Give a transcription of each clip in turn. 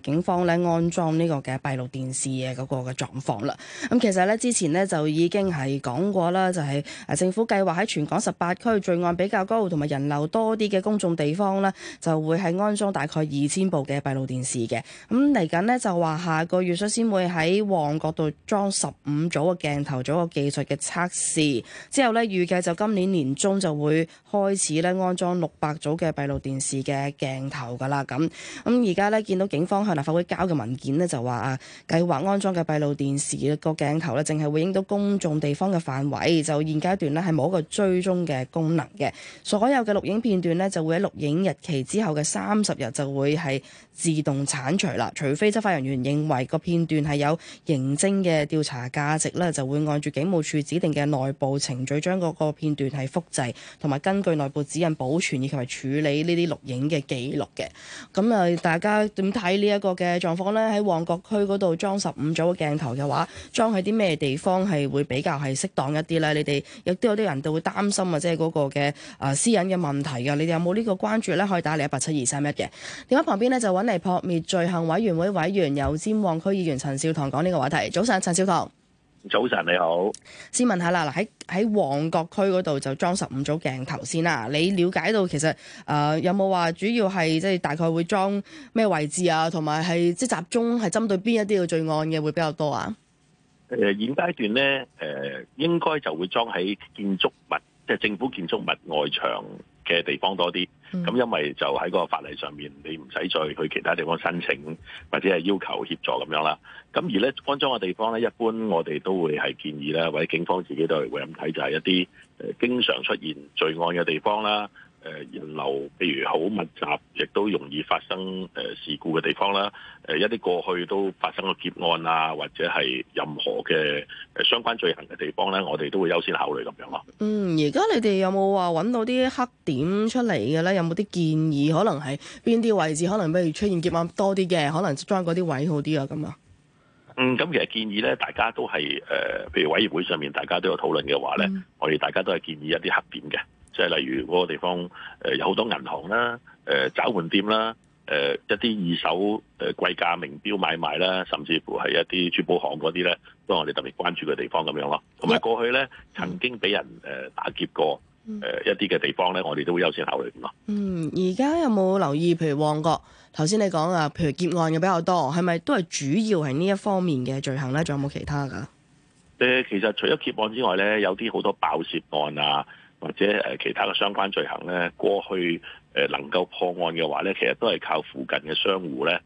警方咧安裝呢個嘅閉路電視嘅嗰個嘅狀況啦。咁其實咧之前咧就已經係講過啦，就係誒政府計劃喺全港十八區罪案比較高同埋人流多啲嘅公眾地方咧，就會係安裝大概二千部嘅閉路電視嘅。咁嚟緊咧就話下個月率先會喺旺角度裝十五組嘅鏡頭做個技術嘅測試，之後咧預計就今年年中就會開始咧安裝六百組嘅閉路電視嘅鏡頭噶啦咁。咁而家咧見到警方。向立法會交嘅文件咧，就話啊，計劃安裝嘅閉路電視個鏡頭咧，淨係會影到公眾地方嘅範圍，就現階段咧係冇一個追蹤嘅功能嘅。所有嘅錄影片段咧，就會喺錄影日期之後嘅三十日就會係自動剷除啦，除非執法人員認為個片段係有刑偵嘅調查價值咧，就會按住警務處指定嘅內部程序，將嗰個片段係複製同埋根據內部指引保存以及係處理呢啲錄影嘅記錄嘅。咁啊，大家點睇呢？一個嘅狀況咧，喺旺角區嗰度裝十五組鏡頭嘅話，裝喺啲咩地方係會比較係適當一啲咧？你哋亦都有啲人就會擔心啊，即係嗰個嘅誒私隱嘅問題噶。你哋有冇呢個關注咧？可以打嚟一八七二三一嘅電話。旁邊咧，就搵嚟撲滅罪行委員會委員、油尖旺區議員陳少棠講呢個話題。早晨，陳少棠。早晨你好，先問下啦，嗱喺，喺旺角區嗰度就裝十五組鏡頭先啦。你了解到其實誒、呃，有冇話主要係即係大概會裝咩位置啊？同埋係即係集中係針對邊一啲嘅罪案嘅會比較多啊？誒、呃，現階段咧誒、呃，應該就會裝喺建築物，即係政府建築物外牆。嘅地方多啲，咁因為就喺嗰個法例上面，你唔使再去其他地方申請或者係要求協助咁樣啦。咁而咧安裝嘅地方咧，一般我哋都會係建議啦，或者警方自己都係會咁睇，就係、是、一啲誒經常出現罪案嘅地方啦。誒人流譬如好密集，亦都容易發生誒事故嘅地方啦。誒一啲過去都發生過劫案啊，或者係任何嘅誒相關罪行嘅地方咧，我哋都會優先考慮咁樣咯。嗯，而家你哋有冇話揾到啲黑點出嚟嘅咧？有冇啲建議？可能係邊啲位置？可能譬如出現劫案多啲嘅，可能裝嗰啲位好啲啊？咁啊？嗯，咁其實建議咧，大家都係誒，譬如委員會上面大家都有討論嘅話咧、嗯，我哋大家都係建議一啲黑點嘅。即係例如嗰個地方，誒、呃、有好多銀行啦，誒、呃、找換店啦，誒、呃、一啲二手誒、呃、貴價名錶買賣啦，甚至乎係一啲珠寶行嗰啲咧，都係我哋特別關注嘅地方咁樣咯。同埋過去咧、嗯，曾經俾人誒打劫過，誒一啲嘅地方咧，我哋都會優先考慮咁咯。嗯，而家有冇、嗯、留意？譬如旺角，頭先你講啊，譬如劫案嘅比較多，係咪都係主要係呢一方面嘅罪行咧？仲有冇其他㗎？誒、呃，其實除咗劫案之外咧，有啲好多爆竊案啊。或者其他嘅相關罪行咧，過去能夠破案嘅話咧，其實都係靠附近嘅商戶咧，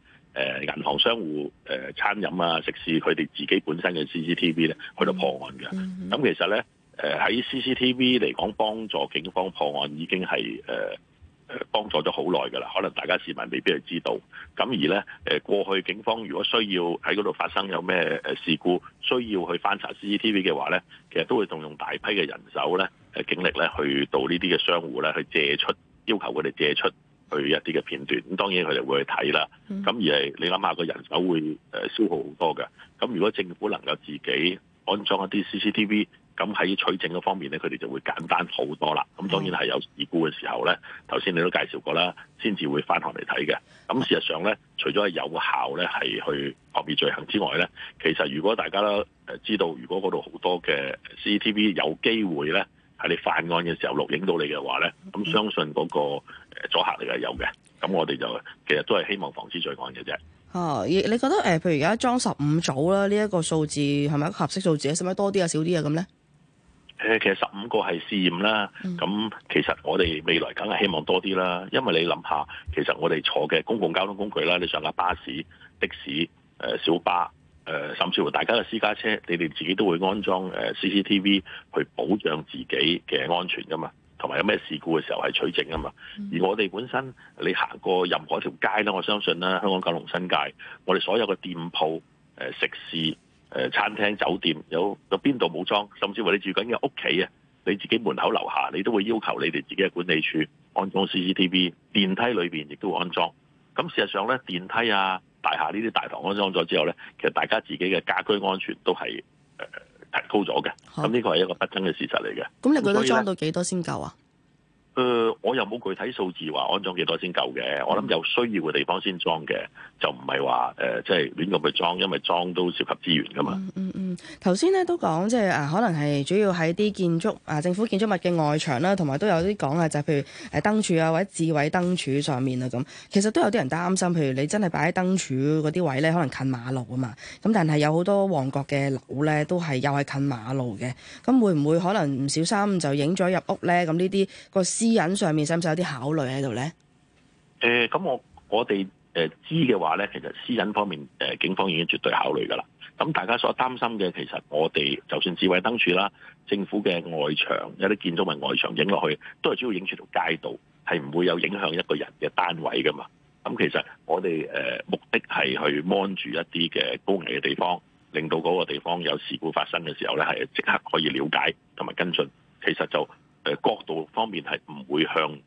銀行商戶餐飲啊食肆佢哋自己本身嘅 CCTV 咧去到破案嘅。咁其實咧誒喺 CCTV 嚟講幫助警方破案已經係誒、呃、幫助咗好耐㗎啦。可能大家市民未必係知道。咁而咧過去警方如果需要喺嗰度發生有咩誒事故，需要去翻查 CCTV 嘅話咧，其實都會動用大批嘅人手咧。嘅警力咧，去到呢啲嘅商戶咧，去借出要求佢哋借出去一啲嘅片段。咁當然佢哋會去睇啦。咁而係你諗下，個人手會誒消耗好多嘅。咁如果政府能夠自己安裝一啲 CCTV，咁喺取證嗰方面咧，佢哋就會簡單好多啦。咁當然係有事故嘅時候咧，頭先你都介紹過啦，先至會翻學嚟睇嘅。咁事實上咧，除咗係有效咧係去撲滅罪行之外咧，其實如果大家都知道，如果嗰度好多嘅 CCTV，有機會咧。你犯案嘅時候錄影到你嘅話咧，咁相信嗰個阻吓力係有嘅。咁我哋就其實都係希望防止罪案嘅啫。哦、啊，你你覺得誒、呃，譬如而家裝十五組啦，呢、這個、一個數字係咪一合適數字，使唔使多啲啊，少啲啊咁咧？誒，其實十五個係試驗啦。咁、嗯、其實我哋未來梗係希望多啲啦。因為你諗下，其實我哋坐嘅公共交通工具啦，你上架巴士、的士、誒、呃、小巴。誒、呃，甚至乎大家嘅私家車，你哋自己都會安裝 CCTV 去保障自己嘅安全噶嘛，同埋有咩事故嘅時候係取證噶嘛、嗯。而我哋本身，你行過任何一條街咧，我相信咧，香港九龍新界，我哋所有嘅店鋪、呃、食肆、呃、餐廳、酒店，有有邊度冇裝？甚至乎你住緊嘅屋企啊，你自己門口樓下，你都會要求你哋自己嘅管理處安裝 CCTV，電梯裏面亦都會安裝。咁事實上咧，電梯啊～大廈呢啲大堂安裝咗之後咧，其實大家自己嘅家居安全都係誒、呃、提高咗嘅。咁呢個係一個不爭嘅事實嚟嘅。咁你覺得裝到幾多先夠啊？誒、嗯呃，我又冇具體數字話安裝幾多先夠嘅。我諗有需要嘅地方先裝嘅，就唔係話誒，即係亂咁去裝，因為裝都涉及資源噶嘛。嗯嗯嗯頭先咧都講，即係啊，可能係主要喺啲建築啊，政府建築物嘅外牆啦，同埋都有啲講啊，就係譬如誒燈柱啊，或者智慧燈柱上面啊，咁其實都有啲人擔心，譬如你真係擺喺燈柱嗰啲位咧，可能近馬路啊嘛，咁但係有好多旺角嘅樓咧，都係又係近馬路嘅，咁會唔會可能唔小心就影咗入屋咧？咁呢啲個私隱上面使唔使有啲考慮喺度咧？誒、呃，咁我我哋誒知嘅話咧，其實私隱方面，誒警方已經絕對考慮噶啦。咁大家所擔心嘅，其實我哋就算智慧燈柱啦，政府嘅外牆有啲建築物外牆影落去，都係主要影住條街道，係唔會有影響一個人嘅單位噶嘛。咁其實我哋誒目的係去監住一啲嘅高危嘅地方，令到嗰個地方有事故發生嘅時候咧，係即刻可以了解同埋跟進。其實就誒角度方面係唔會向誒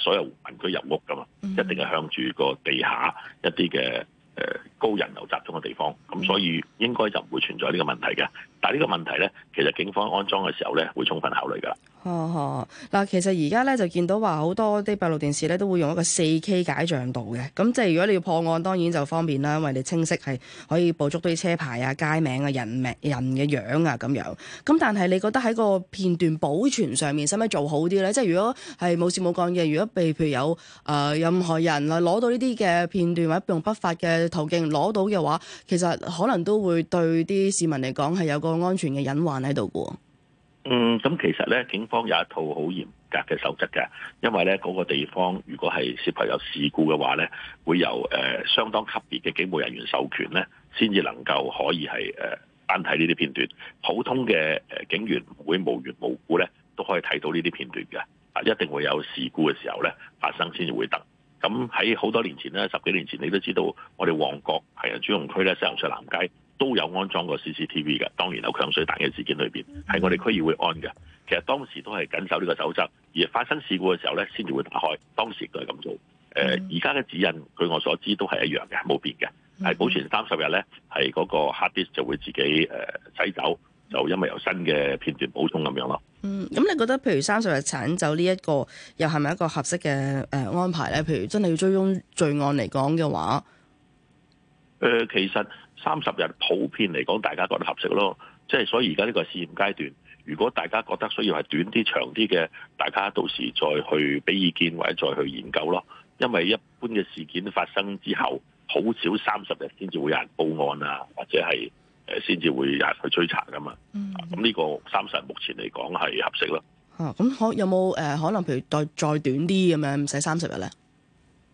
所有民居入屋噶嘛，一定係向住個地下一啲嘅誒高人流集中嘅地方。咁所以應該就唔會存在呢個問題嘅，但係呢個問題呢，其實警方安裝嘅時候呢，會充分考慮㗎喇。哦嗱，其實而家呢，就見到話好多啲閉路電視呢，都會用一個四 K 解像度嘅，咁即係如果你要破案，當然就方便啦，因為你清晰係可以捕捉到啲車牌啊、街名啊、人名、人嘅樣啊咁樣。咁但係你覺得喺個片段保存上面使唔使做好啲呢？即係如果係冇事冇干嘅，如果被譬如有誒、呃、任何人啊攞到呢啲嘅片段或者用不法嘅途徑攞到嘅話，其實可能都會，會對啲市民嚟講係有個安全嘅隱患喺度嘅。嗯，咁其實呢，警方有一套好嚴格嘅守則嘅。因為呢嗰、那個地方如果係涉及有事故嘅話呢，會由誒、呃、相當級別嘅警務人員授權呢先至能夠可以係誒單睇呢啲片段。普通嘅誒警員唔會無緣無故呢都可以睇到呢啲片段嘅。啊，一定會有事故嘅時候呢發生先至會得。咁喺好多年前咧，十幾年前你都知道，我哋旺角係啊，九龍區呢西洋菜南街。都有安裝過 CCTV 嘅，當然有強水彈嘅事件裏邊，喺、嗯、我哋區議會安嘅。其實當時都係緊守呢個守則，而發生事故嘅時候咧，先至會打開。當時都係咁做。誒、呃，而家嘅指引，據我所知都係一樣嘅，冇變嘅，係、嗯、保存三十日咧，係嗰個 hard disk 就會自己誒洗走，就因為有新嘅片段補充咁樣咯。嗯，咁你覺得譬如三十日鏟走呢一個，又係咪一個合適嘅誒安排咧？譬如真係要追蹤罪案嚟講嘅話，誒、呃，其實。三十日普遍嚟講，大家覺得合適咯。即係所以而家呢個試驗階段，如果大家覺得需要係短啲、長啲嘅，大家到時再去俾意見或者再去研究咯。因為一般嘅事件發生之後，好少三十日先至會有人報案啊，或者係誒先至會有人去追查噶嘛。咁、嗯、呢、啊呢個三十日目前嚟講係合適咯。咁、嗯、可、啊、有冇誒、呃、可能譬如再再短啲咁樣，唔使三十日咧？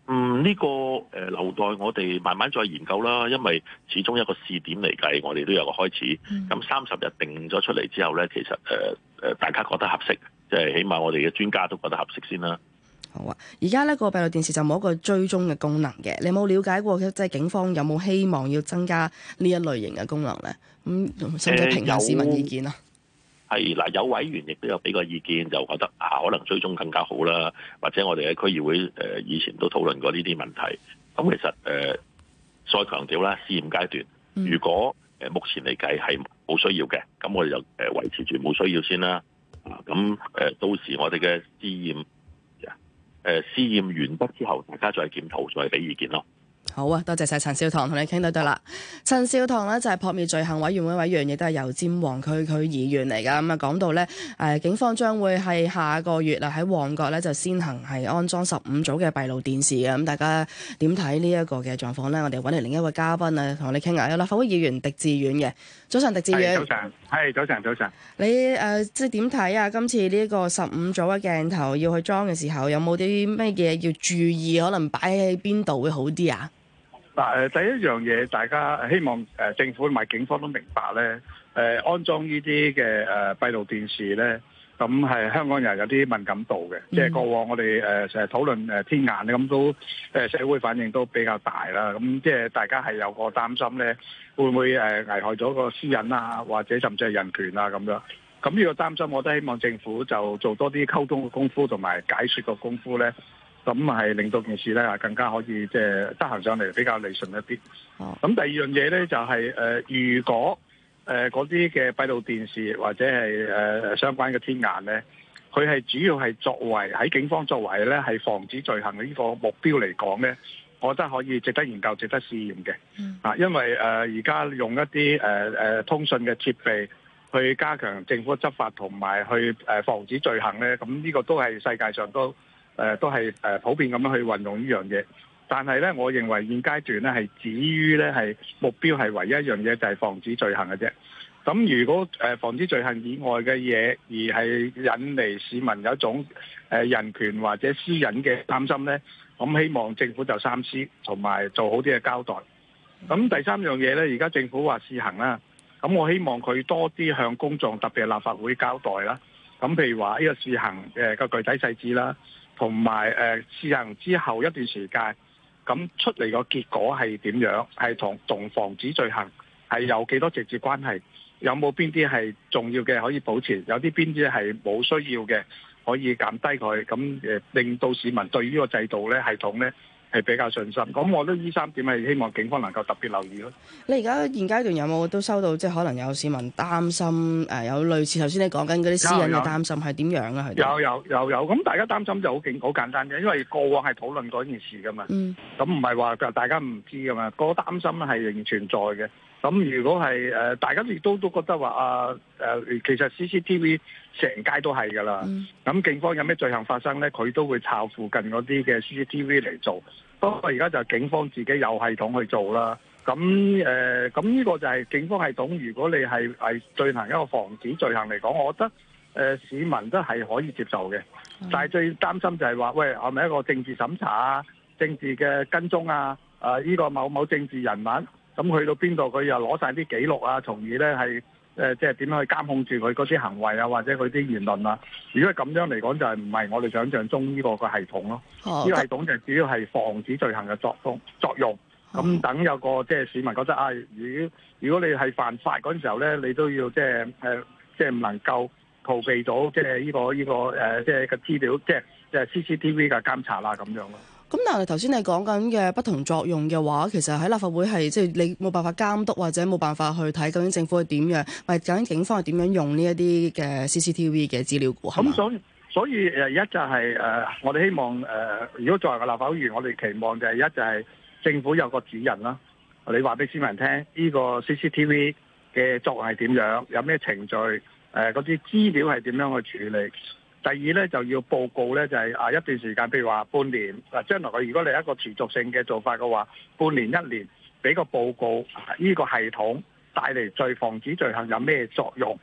嗯，呢、這個誒留待我哋慢慢再研究啦，因為始終一個試點嚟計，我哋都有個開始。咁三十日定咗出嚟之後咧，其實誒誒、呃呃，大家覺得合適，即係起碼我哋嘅專家都覺得合適先啦。好啊，而家呢、那個閉路電視就冇一個追蹤嘅功能嘅，你有冇了解過？即係警方有冇希望要增加呢一類型嘅功能咧？咁，使唔使評價市民意見啊？呃係嗱，有委員亦都有俾個意見，就覺得啊，可能追蹤更加好啦。或者我哋喺區議會誒、呃、以前都討論過呢啲問題。咁其實誒再、呃、強調啦，試驗階段，如果誒、呃、目前嚟計係冇需要嘅，咁我哋就誒維持住冇需要先啦。啊，咁、呃、誒到時我哋嘅試驗誒、呃、試驗完畢之後，大家再檢討，再俾意見咯。好啊，多謝晒陳少棠同你傾到得對啦。陳少棠呢，就係撲滅罪行委員會委員，亦都係油尖旺區區議員嚟噶。咁啊，講到呢，誒，警方將會係下個月啊，喺旺角呢，就先行係安裝十五組嘅閉路電視嘅。咁大家點睇呢一個嘅狀況呢？我哋揾嚟另一位嘉賓啊，同你傾下。有立法會議員狄志遠嘅。早晨，狄志遠。早晨，係早晨，早晨。你誒、呃，即係點睇啊？今次呢一個十五組嘅鏡頭要去裝嘅時候，有冇啲咩嘢要注意？可能擺喺邊度會好啲啊？嗱，第一樣嘢，大家希望政府同埋警方都明白咧，安裝呢啲嘅誒閉路電視咧，咁係香港人有啲敏感度嘅、嗯，即係過往我哋成日討論天眼，咁都誒社會反應都比較大啦，咁即係大家係有個擔心咧，會唔會誒危害咗個私隱啊，或者甚至係人權啊咁樣？咁呢個擔心，我都希望政府就做多啲溝通嘅功夫同埋解說嘅功夫咧。咁啊，係令到件事咧更加可以即係執行上嚟比較理順一啲。咁第二樣嘢呢，就係、是、誒、呃，如果誒嗰啲嘅閉路電視或者係誒、呃、相關嘅天眼呢，佢係主要係作為喺警方作為呢，係防止罪行呢個目標嚟講呢，我覺得可以值得研究、值得試驗嘅。啊，因為誒而家用一啲誒、呃、通訊嘅設備去加強政府執法同埋去誒防止罪行呢，咁呢個都係世界上都。誒都係誒普遍咁樣去運用呢樣嘢，但係咧，我認為現階段咧係止於咧係目標係唯一一樣嘢就係防止罪行嘅啫。咁如果誒防止罪行以外嘅嘢，而係引嚟市民有一種誒人權或者私隱嘅擔心咧，咁希望政府就三思，同埋做好啲嘅交代。咁第三樣嘢咧，而家政府話試行啦，咁我希望佢多啲向公眾，特別係立法會交代啦。咁譬如話呢個試行誒個具體細節啦。同埋誒試行之後一段時間，咁出嚟個結果係點樣？係同同防止罪行係有幾多直接關係？有冇邊啲係重要嘅可以保持？有啲邊啲係冇需要嘅可以減低佢？咁、呃、令到市民對於呢個制度咧系統咧？係比較信心，咁我覺得呢三點係希望警方能夠特別留意咯。你而家現階段有冇都收到，即係可能有市民擔心，誒、呃、有類似頭先你講緊嗰啲私隱嘅擔心係點樣啊？有有有有，咁大家擔心就好勁，好簡單嘅，因為過往係討論嗰件事噶嘛。咁唔係話大家唔知噶嘛，那個擔心係仍然存在嘅。咁如果係誒、呃、大家亦都都覺得話啊誒，其實 CCTV 成街都係㗎啦。咁、嗯、警方有咩罪行發生咧，佢都會抄附近嗰啲嘅 CCTV 嚟做。不過而家就係警方自己有系統去做啦，咁誒咁呢個就係警方系統。如果你係係進行一個防止罪行嚟講，我覺得、呃、市民都係可以接受嘅。但係最擔心就係話，喂係咪一個政治審查啊、政治嘅跟蹤啊？啊、呃、呢、呢個某某政治人物咁去到邊度，佢又攞晒啲記錄啊，從而咧係。是誒、呃、即係點樣去監控住佢嗰啲行為啊，或者佢啲言論啊？如果咁樣嚟講，就係唔係我哋想象中呢個個系統咯、啊？呢、哦呢個系統就主要係防止罪行嘅作，作用。咁等有個即係市民覺得啊，如果如果你係犯法嗰陣時候咧，你都要即係、呃、即係唔能夠逃避到即係呢、呢個呢個、呃、即係個資料，即係即係 CCTV 嘅監察啦、啊、咁樣咯。咁但係頭先你講緊嘅不同作用嘅話，其實喺立法會係即係你冇辦法監督或者冇辦法去睇究竟政府係點樣，究竟警方係點樣用呢一啲嘅 CCTV 嘅資料。咁所以所以誒，一就係、是、誒，我哋希望誒，如果作為個立法會議員，我哋期望就係、是、一就係政府有個指引啦。你話俾市民聽，呢、這個 CCTV 嘅作用係點樣，有咩程序，誒嗰啲資料係點樣去處理？第二咧就要報告咧，就係啊一段時間，譬如話半年啊，將來如果你一個持續性嘅做法嘅話，半年一年俾個報告，呢個系統帶嚟最防止罪行有咩作用？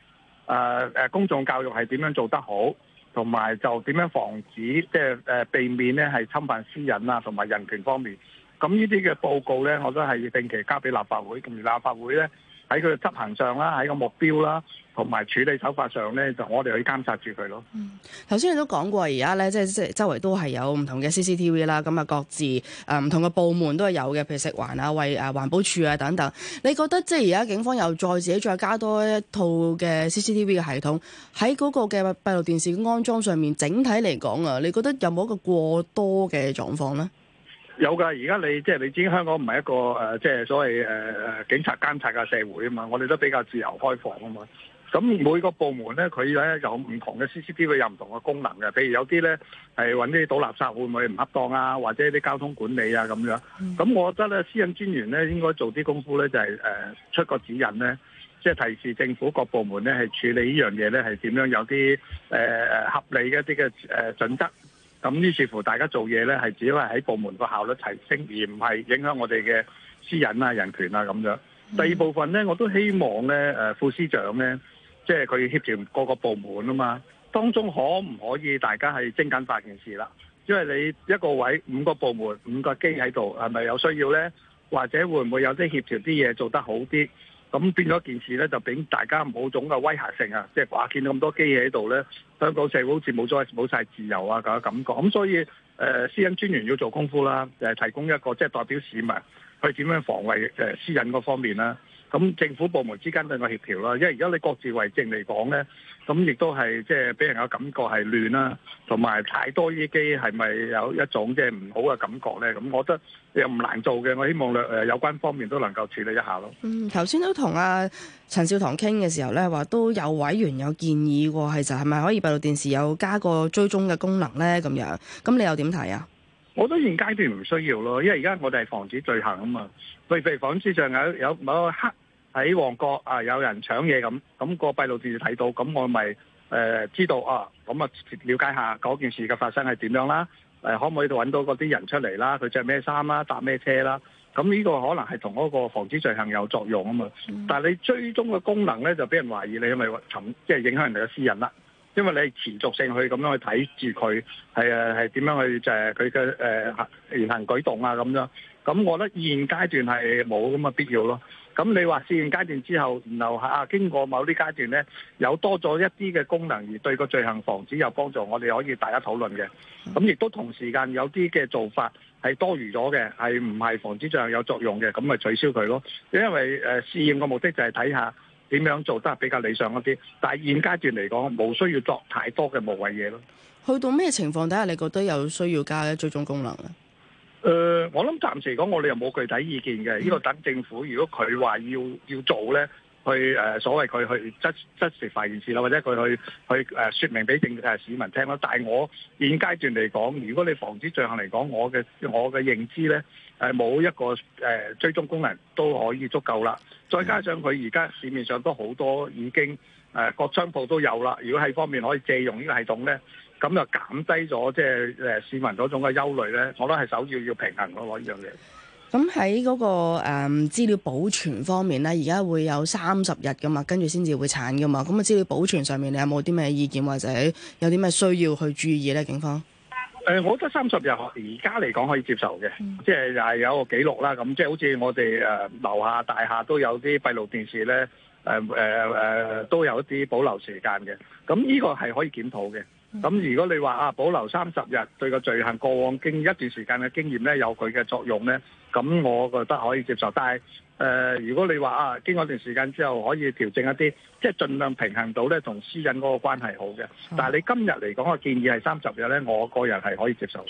誒誒，公眾教育係點樣做得好，同埋就點樣防止即係誒避免咧係侵犯私隱啊同埋人權方面。咁呢啲嘅報告咧，我都係要定期交俾立法會同埋立法會咧。喺佢嘅執行上啦，喺個目標啦，同埋處理手法上咧，就我哋去監察住佢咯。嗯、頭先你都講過，而家咧即係即係周圍都係有唔同嘅 CCTV 啦，咁啊各自誒嗯、唔同嘅部門都係有嘅，譬如食環啊、為誒環保署啊等等。你覺得即係而家警方又再自己再加多一套嘅 CCTV 嘅系統喺嗰個嘅閉路電視安裝上面，整體嚟講啊，你覺得有冇一個過多嘅狀況咧？有噶，而家你即係你知香港唔係一個即係、呃、所謂誒、呃、警察監察嘅社會啊嘛，我哋都比較自由開放啊嘛。咁每個部門咧，佢咧有唔同嘅 C C P，佢有唔同嘅功能嘅。譬如有啲咧係搵啲倒垃圾會唔會唔恰當啊，或者啲交通管理啊咁樣。咁我覺得咧，私隱專員咧應該做啲功夫咧，就係、是呃、出個指引咧，即、就、係、是、提示政府各部門咧係處理呢是怎樣嘢咧係點樣，有啲誒合理嘅一啲嘅誒準則。咁呢，似乎大家做嘢呢，係只係喺部門個效率提升，而唔係影響我哋嘅私隱啊、人權啊咁樣。第二部分呢，我都希望呢副司長呢，即係佢協調各個部門啊嘛，當中可唔可以大家係精簡化件事啦？因為你一個位五個部門、五個機喺度，係咪有需要呢？或者會唔會有啲協調啲嘢做得好啲？咁變咗件事咧，就俾大家冇種嘅威嚇性啊！即係話見到咁多機器喺度咧，香港社會好似冇咗冇晒自由啊咁嘅、那個、感覺。咁所以誒、呃，私隱專員要做功夫啦，誒、呃、提供一個即係代表市民去點樣防衛私隱嗰方面啦。咁政府部門之間對我協調啦，因為而家你各自為政嚟講咧，咁亦都係即係俾人嘅感覺係亂啦，同埋太多啲機，係咪有一種即係唔好嘅感覺咧？咁我覺得又唔難做嘅，我希望誒，有關方面都能夠處理一下咯。嗯，頭先都同阿陳少棠傾嘅時候咧，話都有委員有建議喎，係就係咪可以閉路電視有加個追蹤嘅功能咧？咁樣，咁你又點睇啊？我都現階段唔需要咯，因為而家我哋係防止罪行啊嘛。譬如譬如講，之上有有某個黑。喺旺角啊，有人搶嘢咁，咁、嗰個閉路電視就睇到，咁我咪誒知道啊，咁啊了解下嗰件事嘅發生係點樣啦，可唔可以搵到嗰啲人出嚟啦？佢着咩衫啦？搭咩車啦？咁呢個可能係同嗰個防止罪行有作用啊嘛。但你追蹤嘅功能咧，就俾人懷疑你係咪尋即係影響人哋嘅私隱啦？因為你係持續性去咁樣去睇住佢係誒係點樣去就係佢嘅誒言行舉動啊咁樣。咁我覺得現階段係冇咁嘅必要咯。咁你話試驗階段之後，然後啊經過某啲階段呢，有多咗一啲嘅功能而對個罪行防止有幫助，我哋可以大家討論嘅。咁亦都同時間有啲嘅做法係多餘咗嘅，係唔係防止罪行有作用嘅，咁咪取消佢咯。因為誒、呃、試驗嘅目的就係睇下點樣做得比較理想一啲，但係現階段嚟講，冇需要作太多嘅無謂嘢咯。去到咩情況底下，你覺得有需要加追蹤功能咧？誒、呃，我諗暫時嚟講，我哋又冇具體意見嘅。呢個等政府如果佢話要要做呢，去誒、呃、所謂佢去質質疑快件事啦，或者佢去去誒、呃、說明俾政市民聽啦，但係我現階段嚟講，如果你防止罪行嚟講，我嘅我嘅認知呢，係、呃、冇一個誒、呃、追蹤功能都可以足夠啦。再加上佢而家市面上都好多已經誒、呃、各商鋪都有啦。如果係方面可以借用呢個系統呢。咁就減低咗即係市民嗰種嘅憂慮咧，我都係首要要平衡咯，呢樣嘢。咁喺嗰個誒資料保存方面咧，而家會有三十日㗎嘛，跟住先至會產㗎嘛。咁啊資料保存上面，你有冇啲咩意見或者有啲咩需要去注意咧？警方？呃、我覺得三十日而家嚟講可以接受嘅、嗯，即係又係有個記錄啦。咁即係好似我哋誒、呃、樓下大廈都有啲閉路電視咧，誒誒誒都有一啲保留時間嘅。咁呢個係可以檢討嘅。咁如果你話啊保留三十日對個罪行過往經一段時間嘅經驗咧，有佢嘅作用咧。咁我覺得可以接受，但係誒、呃，如果你話啊，經過一段時間之後可以調整一啲，即、就、係、是、盡量平衡到咧同私隱嗰個關係好嘅、嗯。但係你今日嚟講個建議係三十日咧，我個人係可以接受。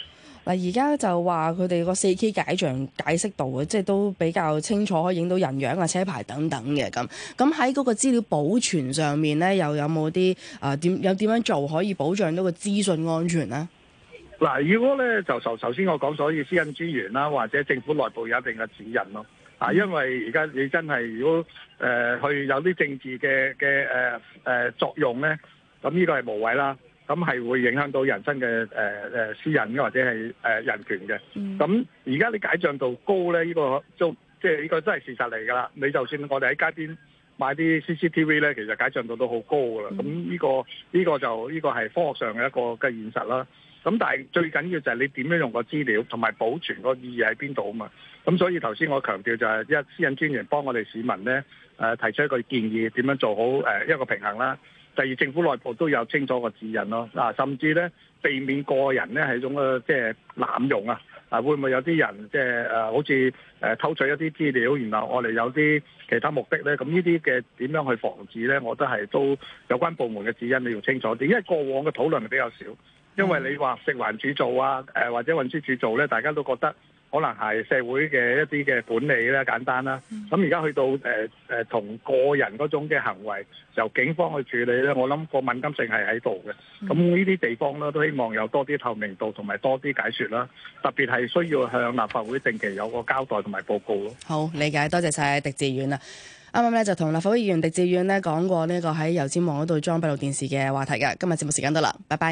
嗱，而家就話佢哋個四 K 解像解釋度啊，即係都比較清楚，可以影到人樣啊、車牌等等嘅咁。咁喺嗰個資料保存上面咧，又有冇啲啊點有點、呃、樣做可以保障到個資訊安全咧？嗱，如果咧就首首先我講，所以私隱資源啦，或者政府內部有一定嘅指引咯。啊，因為而家你真係如果誒、呃、去有啲政治嘅嘅誒誒作用咧，咁呢個係無謂啦。咁係會影響到人身嘅誒誒私隱或者係誒、呃、人權嘅。咁而家你解像度高咧，呢、呢個就係呢個都即係呢個都係事實嚟㗎啦。你就算我哋喺街邊買啲 C C T V 咧，其實解像度都好高㗎啦。咁、嗯、呢、呢個呢、呢個就呢、呢個係科學上嘅一個嘅現實啦。咁但係最緊要就係你點樣用個資料，同埋保存個意義喺邊度啊嘛？咁所以頭先我強調就係、是、一私隱專員幫我哋市民咧、呃，提出一個建議點樣做好、呃、一個平衡啦。第二政府內部都有清楚個指引咯，啊甚至咧避免個人咧係一種即係、呃就是、濫用啊！啊會唔會有啲人即係、就是呃、好似、呃、偷取一啲資料，然後我哋有啲其他目的咧？咁呢啲嘅點樣去防止咧？我覺得係都有關部門嘅指引你要清楚啲，因為過往嘅討論比較少。嗯、因為你話食環署做啊，誒、呃、或者運輸署做咧，大家都覺得可能係社會嘅一啲嘅管理咧簡單啦、啊。咁而家去到誒誒同個人嗰種嘅行為由警方去處理咧，我諗個敏感性係喺度嘅。咁呢啲地方咧都希望有多啲透明度同埋多啲解説啦。特別係需要向立法會定期有個交代同埋報告咯、啊。好理解，多謝晒狄志遠啦。啱啱咧就同立法會議員狄志遠呢講過呢個喺油尖旺嗰度裝閉路電視嘅話題嘅。今日節目時間到啦，拜拜。